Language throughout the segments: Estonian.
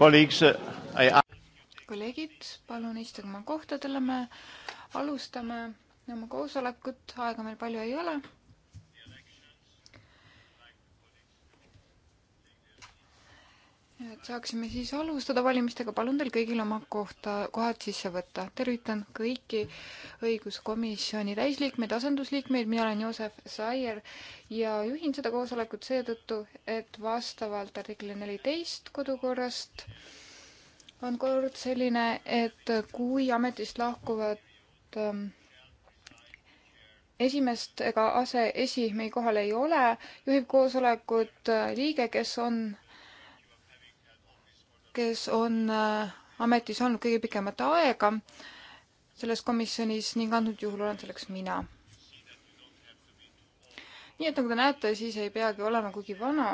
kolleegid, palun istuge oma kohtadele, me alustame oma koosolekut, aega meil palju ei ole et saaksime siis alustada valimistega, palun teil kõigil oma kohta, kohad sisse võtta. tervitan kõiki õiguskomisjoni täisliikmeid, asendusliikmeid, mina olen Joosep Saier ja juhin seda koosolekut seetõttu, et vastavalt artikli neliteist kodukorrast on kord selline, et kui ametist lahkuvad ähm, esimest ega aseesimehi kohal ei ole, juhib koosolekut äh, liige, kes on kes on äh, ametis olnud kõige pikemat aega selles komisjonis ning antud juhul olen selleks mina. nii et nagu te näete, siis ei peagi olema kuigi vana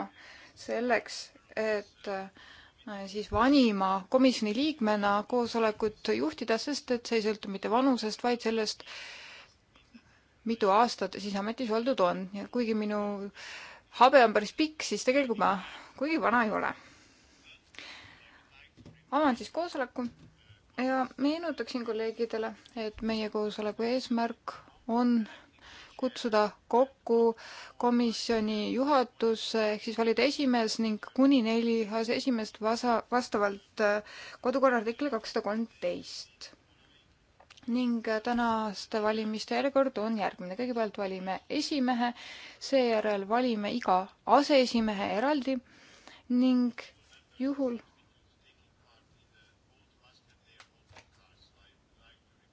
selleks, et äh, siis vanima komisjoni liikmena koosolekut juhtida, sest et see ei sõltu mitte vanusest, vaid sellest, mitu aastat siis ametis oldud on ja kuigi minu habe on päris pikk, siis tegelikult ma kuigi vana ei ole avan siis koosoleku ja meenutaksin kolleegidele, et meie koosoleku eesmärk on kutsuda kokku komisjoni juhatus ehk siis valida esimees ning kuni neli aseesimeest vasa, vastavalt äh, kodukorra artikli kakssada kolmteist. ning äh, tänaste valimiste järjekord on järgmine. kõigepealt valime esimehe, seejärel valime iga aseesimehe eraldi ning juhul,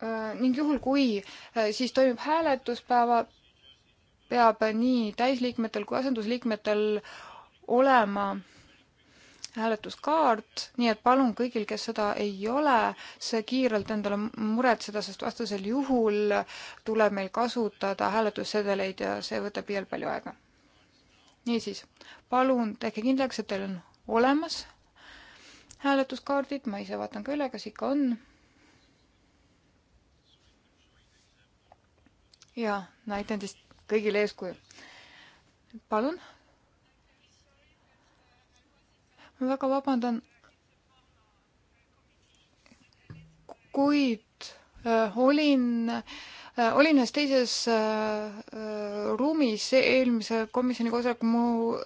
Äh, ning juhul, kui äh, siis toimub hääletus päeva, peab nii täisliikmetel kui asendusliikmetel olema hääletuskaart, nii et palun kõigil, kes seda ei ole, see kiirelt endale muretseda, sest vastasel juhul tuleb meil kasutada hääletussedeleid ja see võtab liialt palju aega. niisiis, palun tehke kindlaks, et teil on olemas hääletuskaardid, ma ise vaatan ka üle, kas ikka on ja näitan siis kõigile eeskuju. palun. ma väga vabandan. kuid äh, olin äh, olin ühes teises äh, äh, ruumis eelmise komisjoni koosolekul, mu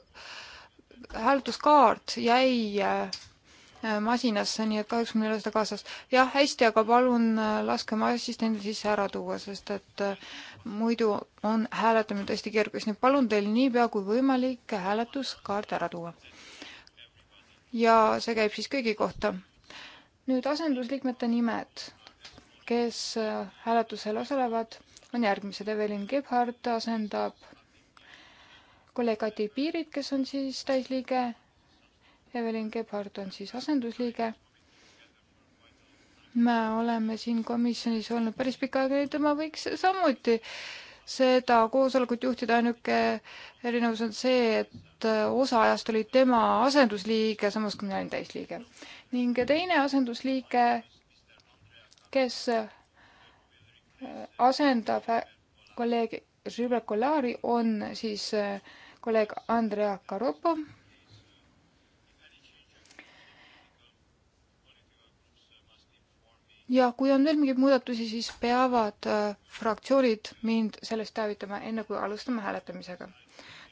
hääletuskaart jäi äh, Äh, masinasse, nii et kahjuks mul ei ole seda kaasas. jah, hästi, aga palun äh, laske oma assistendil sisse ära tuua, sest et äh, muidu on hääletamine tõesti keerukas, nii et palun teil niipea kui võimalik hääletuskaart ära tuua. ja see käib siis kõigi kohta. nüüd asendusliikmete nimed, kes hääletusel osalevad, on järgmised. Evelyn Gebhard asendab kolleeg Kati Piirit, kes on siis täisliige Evelyn Gebhard on siis asendusliige. me oleme siin komisjonis olnud päris pikka aega, nii et tema võiks samuti seda koosolekut juhtida, ainuke erinevus on see, et osa ajast oli tema asendusliige, samas kui mina olin täisliige. ning teine asendusliige, kes äh, asendab äh, kolleeg Žibrekolari, on siis äh, kolleeg Andrea Karopov ja kui on veel mingeid muudatusi, siis peavad äh, fraktsioonid mind sellest teavitama, enne kui alustame hääletamisega.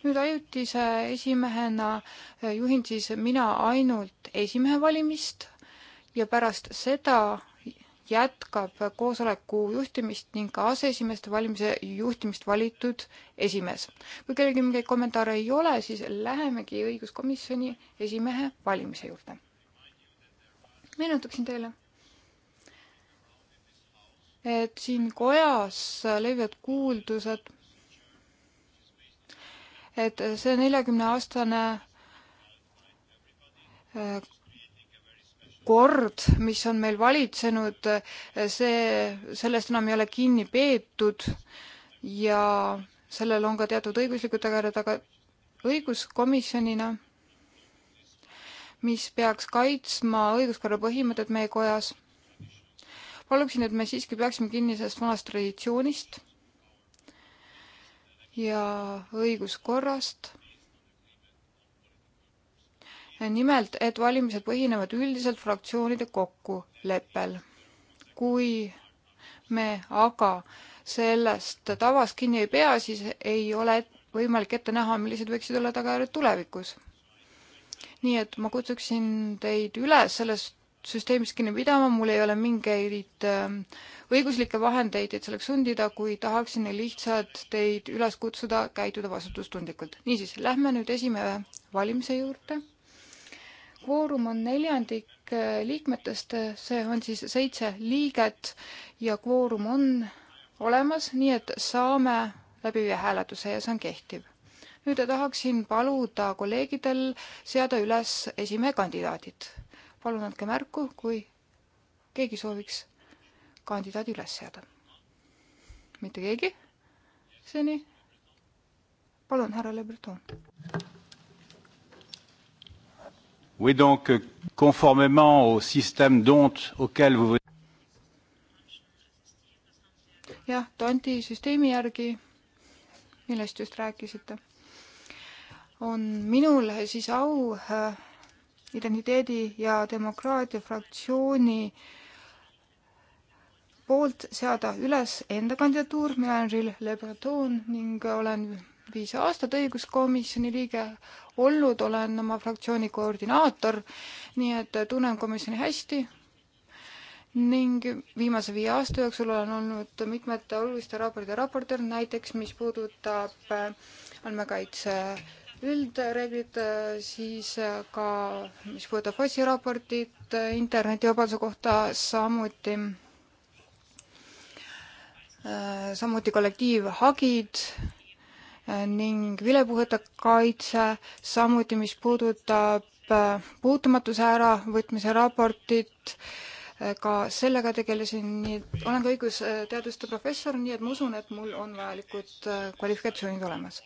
nüüd ajutise esimehena äh, juhin siis mina ainult esimehe valimist ja pärast seda jätkab koosoleku juhtimist ning ka aseesimeeste valimise juhtimist valitud esimees. kui kellelgi mingeid kommentaare ei ole, siis lähemegi õiguskomisjoni esimehe valimise juurde. meenutaksin teile et siin kojas levivad kuuldused, et see neljakümne aastane äh, kord, mis on meil valitsenud, see, sellest enam ei ole kinni peetud ja sellel on ka teatud õiguslikud tagajärjed, aga õiguskomisjonina, mis peaks kaitsma õiguskorra põhimõtted meie kojas, paluksin, et me siiski peaksime kinni sellest vanast traditsioonist ja õiguskorrast. nimelt, et valimised põhinevad üldiselt fraktsioonide kokkuleppel. kui me aga sellest tavast kinni ei pea, siis ei ole võimalik ette näha, millised võiksid olla tagajärjed tulevikus. nii et ma kutsuksin teid üles sellest süsteemist kinni pidama, mul ei ole mingeid ähm, õiguslikke vahendeid, et selleks sundida, kuid tahaksin lihtsalt teid üles kutsuda käituda vastutustundlikult. niisiis, lähme nüüd esimehe valimise juurde. kvoorum on neljandik äh, liikmetest, äh, see on siis seitse liiget ja kvoorum on olemas, nii et saame läbi viia hääletuse ja see on kehtiv. nüüd tahaksin paluda kolleegidel seada üles esimehe kandidaadid palun andke märku, kui keegi sooviks kandidaadi üles seada. mitte keegi seni. palun, härra Le Breton. Oui, donc, euh, conformément au système d'honte auquel vous jah, Tonti süsteemi järgi, millest just rääkisite, on minul siis au äh, identiteedi ja demokraatia fraktsiooni poolt seada üles enda kandidatuur, mina olen Ril Le Breton ning olen viis aastat õiguskomisjoni liige olnud, olen oma fraktsiooni koordinaator, nii et tunnen komisjoni hästi ning viimase viie aasta jooksul olen olnud mitmete oluliste raportite raportöör, näiteks mis puudutab andmekaitse äh, üldreeglid, äh, siis äh, ka, mis puudutab Fossi raportit äh, internetivabaduse kohta, samuti, samuti kollektiivhagid ning vilepuhete kaitse, samuti mis puudutab puutumatuse äravõtmise raportit, ka sellega tegelesin, nii et olen ka õigusteaduste professor, nii et ma usun, et mul on vajalikud äh, kvalifikatsioonid olemas.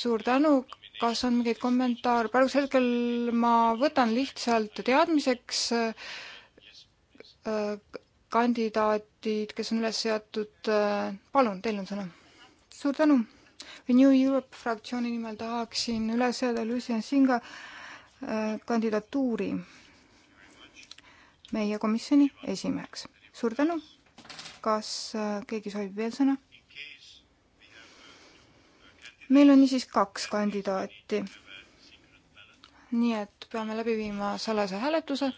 suur tänu, kas on mingeid kommentaare, praegusel hetkel ma võtan lihtsalt teadmiseks äh, kandidaatid, kes on üles seatud, äh, palun, teil on sõna. suur tänu. Renew Europe fraktsiooni nimel tahaksin üles seada Lucien Singa kandidatuuri meie komisjoni esimeheks. suur tänu. kas äh, keegi soovib veel sõna? meil on niisiis kaks kandidaati. nii et peame läbi viima salajase hääletuse.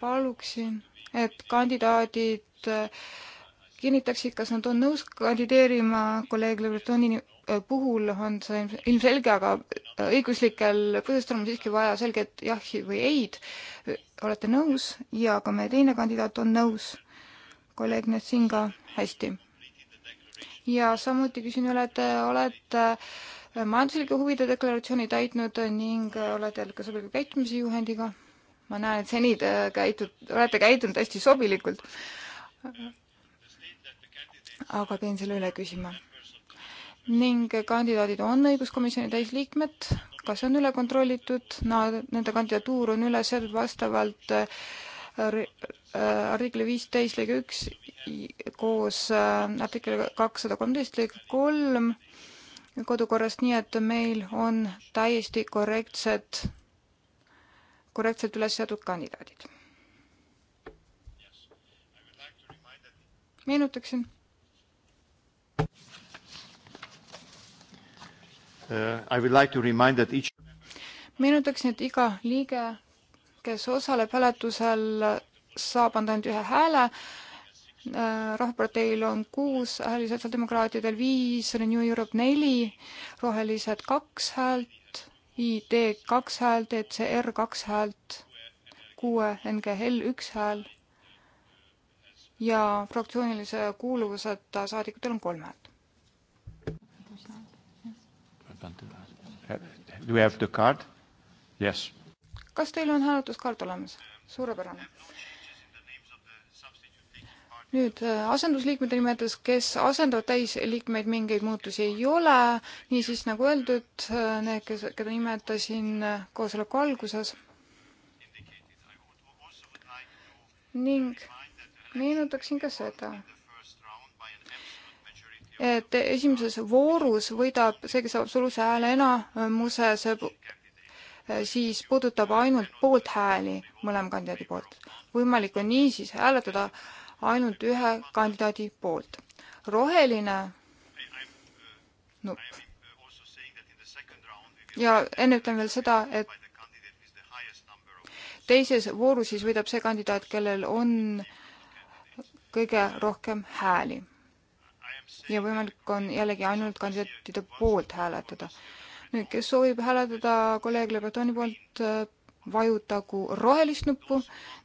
paluksin, et kandidaadid äh, kinnitaksid, kas nad on nõus kandideerima kolleeg Le Bretoni Äh, puhul on see ilmselge, aga äh, õiguslikel põhjustel on siiski vaja selget jahi või ei-d. olete nõus ja ka meie teine kandidaat on nõus, kolleeg Nessinga, hästi. ja samuti küsin üle, et äh, olete majanduslike huvide deklaratsiooni täitnud ning olete ka sobiliku käitumise juhendiga. ma näen, et seni te käitud, olete käitunud hästi sobilikult. aga pean selle üle küsima ning kandidaadid on õiguskomisjoni täisliikmed, kas on üle kontrollitud, nad, nende kandidatuur on üles seatud vastavalt äh, äh, artikli viisteist lõige üks koos äh, artikliga kakssada kolmteist lõige kolm kodukorrast, nii et meil on täiesti korrektsed, korrektselt üles seatud kandidaadid. meenutaksin Uh, like each... meenutaksin, et iga liige, kes osaleb hääletusel, saab anda ainult ühe hääle. Uh, Rahvaparteil on kuus hääli, sotsiaaldemokraatidel viis, Renew Europe neli, rohelised kaks häält, ID kaks häält, ECR kaks häält, kuue NGL üks hääl ja fraktsioonilise kuuluvuseta saadikutel on kolm häält. Do you have the card? Yes. kas teil on hääletuskaart olemas? suurepärane. nüüd äh, asendusliikmete nimetus, kes asendavad täisliikmeid, mingeid muutusi ei ole, niisiis nagu öeldud, äh, need, kes, keda nimetasin äh, koosoleku alguses. ning meenutaksin ka seda, et esimeses voorus võidab see, kes absoluutse hääle enamuse, see siis puudutab ainult poolt hääli mõlema kandidaadi poolt. võimalik on niisiis hääletada ainult ühe kandidaadi poolt. roheline nupp. ja enne ütlen veel seda, et teises voorus siis võidab see kandidaat, kellel on kõige rohkem hääli ja võimalik on jällegi ainult kandidaatide poolt hääletada. nüüd, kes soovib hääletada kolleeg Le Bretoni poolt, vajutagu rohelist nuppu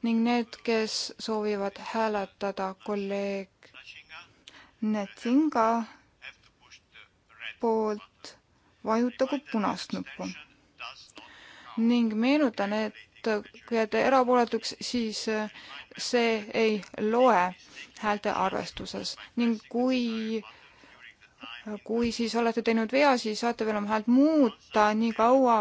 ning need, kes soovivad hääletada kolleeg Netsinga poolt, vajutagu punast nuppu. ning meenutan, et kui jääte erapooletuks, siis see ei loe häälte arvestuses ning kui kui siis olete teinud vea, siis saate veel oma häält muuta nii kaua,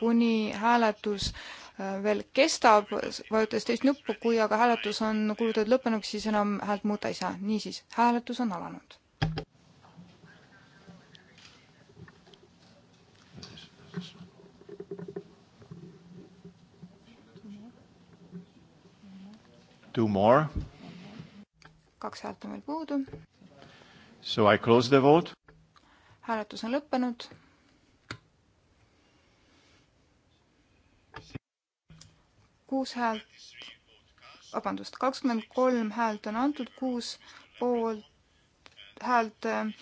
kuni hääletus äh, veel kestab, vajutades teist nuppu, kui aga hääletus on kuulutatud lõppenuks, siis enam häält muuta ei saa. niisiis, hääletus on alanud. Two more. kaks häält on veel puudu. So I close the vote. hääletus on lõppenud. kuus häält, vabandust, kakskümmend kolm häält on antud, kuus poolt häält äh,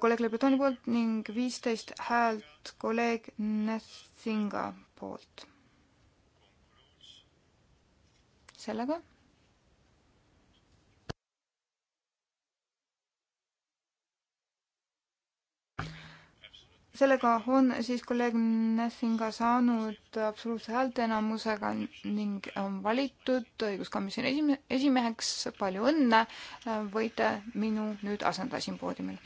kolleeg Le Bretoni poolt ning viisteist häält kolleeg Nethinga poolt sellega. sellega on siis kolleeg Nessinga saanud absoluutse häälteenamusega ning on valitud õiguskomisjoni esime-, esimeheks. palju õnne, võite minu nüüd asendada siin poodiumil.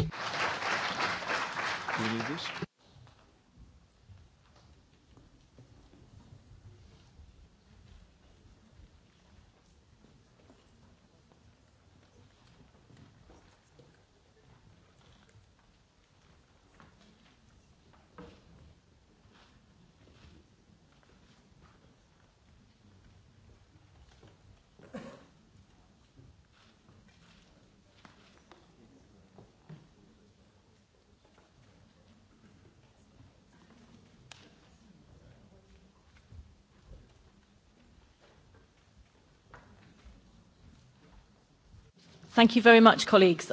Thank you very much, colleagues.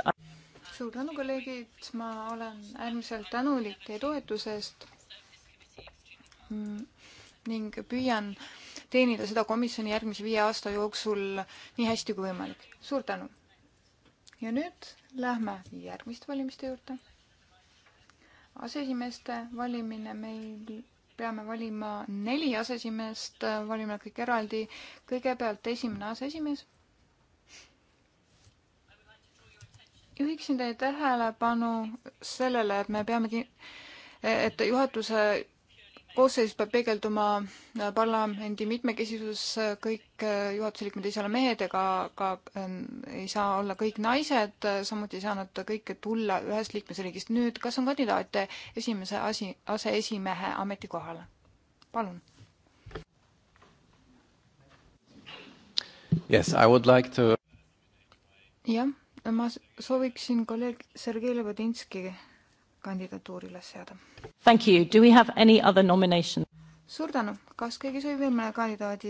suur tänu, kolleegid, ma olen äärmiselt tänulik teie toetuse eest mm, ning püüan teenida seda komisjoni järgmise viie aasta jooksul nii hästi kui võimalik. suur tänu! ja nüüd lähme järgmiste valimiste juurde. aseesimeeste valimine, meil peame valima neli aseesimeest, valime kõik eraldi. kõigepealt esimene aseesimees juhiksin teie tähelepanu sellele, et me peamegi, et juhatuse koosseis peab peegelduma parlamendi mitmekesisus, kõik juhatuse liikmed ei saa olla mehed ega ka ähm, ei saa olla kõik naised, samuti ei saa nad kõik tulla ühest liikmesriigist. nüüd, kas on kandidaate esimese asi, aseesimehe ametikohale? palun. Yes, I would like to jah ma sooviksin kolleeg Sergei Levodinski kandidatuuri üles seada. Thank you, do we have any other nomination? suur tänu, kas keegi soovib veel mõne kandidaadi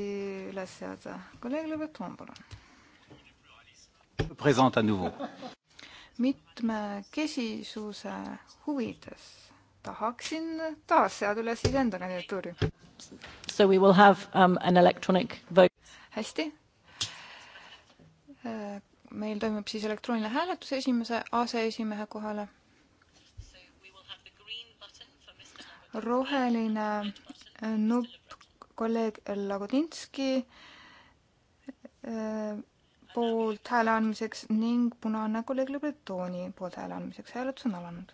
üles seada? kolleeg Leveton, palun. Present à nouveau. mitmekesisuse huvides tahaksin taas seada üles iseenda kandidatuuri. So we will have um, an electronic vote. hästi äh, meil toimub siis elektrooniline hääletus esimese aseesimehe kohale. roheline äh, nupp kolleeg Lagodinski äh, poolt hääle andmiseks ning punane kolleeg Lebretoni poolt hääle andmiseks. hääletus on alanud.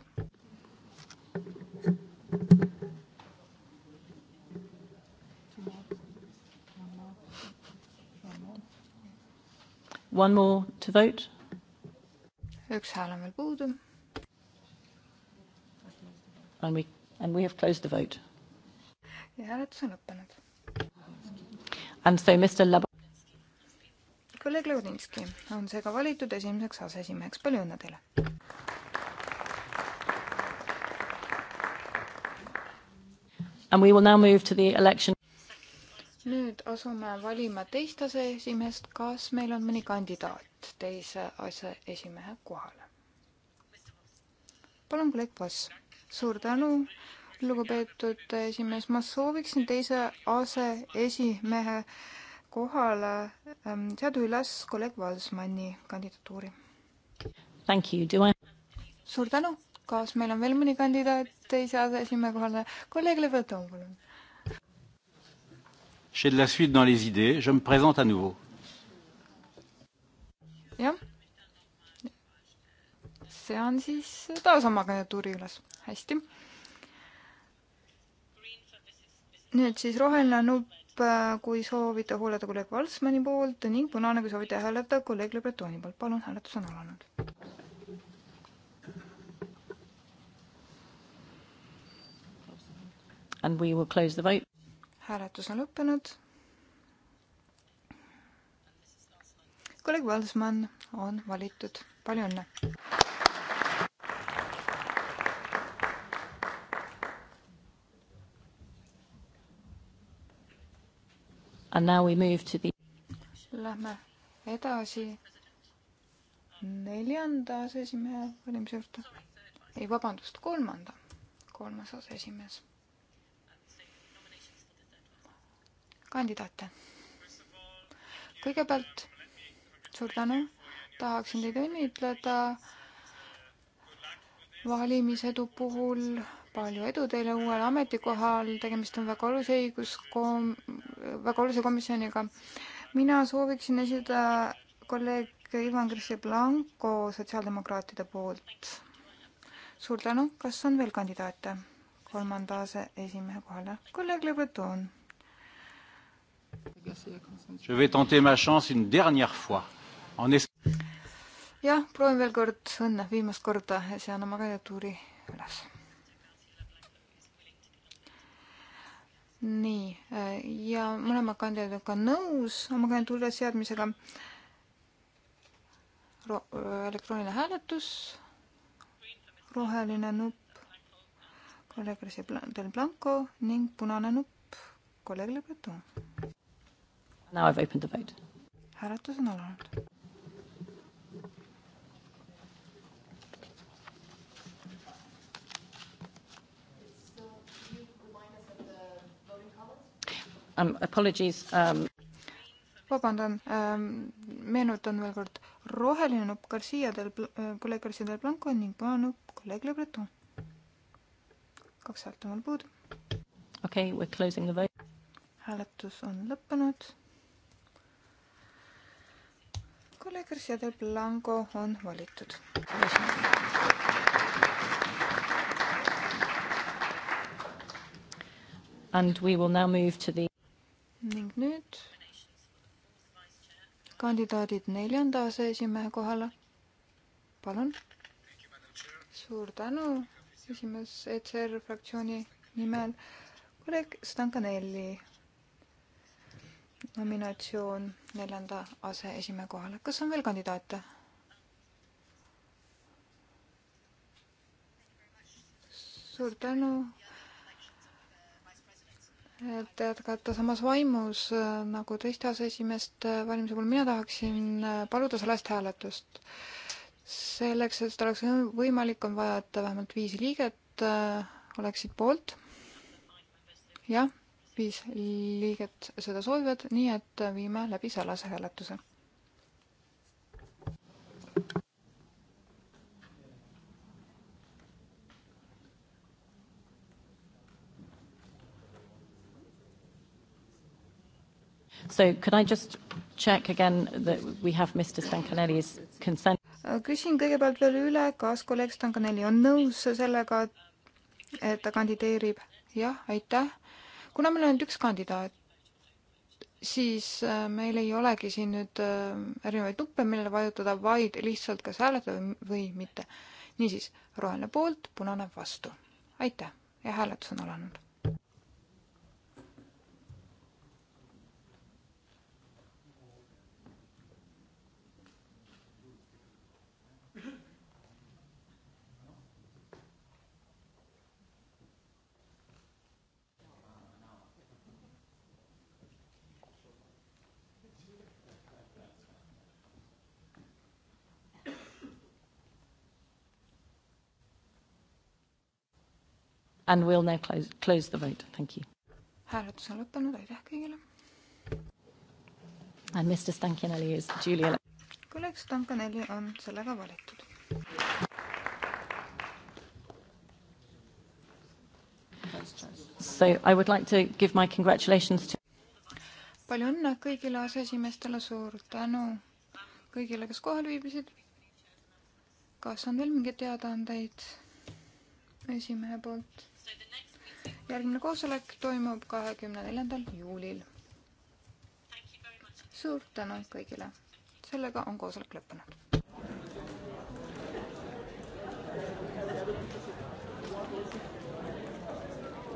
One more to vote. üks hääl on veel puudu. And we, and we have closed the vote. ja hääletus on lõppenud. And so Mr Lab-. kolleeg Leudinski on seega valitud esimeseks aseesimeheks, palju õnne teile. And we will now move to the election nüüd asume valima teist aseesimeest, kas meil on mõni kandidaat teise aseesimehe kohale? palun, kolleeg Pass. suur tänu, lugupeetud esimees, ma sooviksin teise aseesimehe kohale ähm, seada üles kolleeg Valsmanni kandidatuuri. I... suur tänu, kas meil on veel mõni kandidaat teise aseesimehe kohale? kolleeg Levaton, palun J'ai de la suite dans les idées. Je me présente à nouveau. jah. see on siis taas oma kandidatuuri üles. hästi. nüüd siis roheline nupp, äh, kui soovite hääletada kolleeg Valsmani poolt ning punane, kui soovite hääletada kolleeg Le Bretoni poolt. palun, hääletus on alanud. And we will close the vote hääletus on lõppenud. kolleeg Valsmann on valitud, palju õnne. And now we move to the Lähme edasi neljanda aseesimehe valimise juurde. ei, vabandust, kolmanda, kolmas aseesimees kandidaate. kõigepealt suur tänu, tahaksin teid õnnitleda valimisedu puhul palju edu teile uuel ametikohal, tegemist on väga olulise õiguskoom-, väga olulise komisjoniga. mina sooviksin esitada kolleeg Ivan Krissi Blanco sotsiaaldemokraatide poolt. suur tänu, kas on veel kandidaate kolmanda aseesimehe kohale? kolleeg Le Breton jah, proovin veel kord õnne, viimast korda ja sean oma kandidatuuri üles. nii, ja mõlema kandidaadiga nõus oma kandidatuuri ülesseadmisega. elektrooniline hääletus, roheline nupp, kolleeg Resi Blanco ning punane nupp, kolleeg Libretu. Now I've opened the vote. hääletus on alanud. Um, apologies um.... vabandan ähm,, meenutan veel kord, roheline nupp Garcia del, äh, kolleeg Garcia del Blanco ning punane nupp kolleeg Le Breton. kaks häält on veel puudu. okei okay,, we are closing the vote. hääletus on lõppenud kolleeg Garcia del Blanco on valitud. And we will now move to the ning nüüd kandidaadid neljanda aseesimehe kohale. palun. suur tänu, esimees ECR fraktsiooni nimel kolleeg Stankanelli nominatsioon neljanda aseesimehe kohale. kas on veel kandidaate? suur tänu, et jätkata samas vaimus äh, nagu teiste aseesimeeste valimise puhul. mina tahaksin äh, paluda sellest hääletust. selleks, et seda oleks võimalik, on vaja, et vähemalt viis liiget äh, oleksid poolt. jah viis liiget seda soovivad, nii et viime läbi salase hääletuse. So could I just check again that we have Mr Stankanelli's consent? küsin kõigepealt veel üle, kas kolleeg Stankanelli on nõus sellega, et ta kandideerib? jah, aitäh kuna meil on ainult üks kandidaat, siis äh, meil ei olegi siin nüüd äh, erinevaid nuppe, millele vajutada, vaid lihtsalt kas hääletada või mitte. niisiis, roheline poolt, punane vastu. aitäh ja hääletus on alanud. and we'll now close, close the vote. Thank you. hääletus on lõppenud, aitäh kõigile. And Mr Stankineli is duly elected. kolleeg Stankineli on sellega valitud. So I would like to give my congratulations to palju õnne kõigile aseesimeestele, suur tänu kõigile, kes kohal viibisid. kas on veel mingeid teadaandeid esimehe poolt? järgmine koosolek toimub kahekümne neljandal juulil. suur tänu kõigile. sellega on koosolek lõppenud.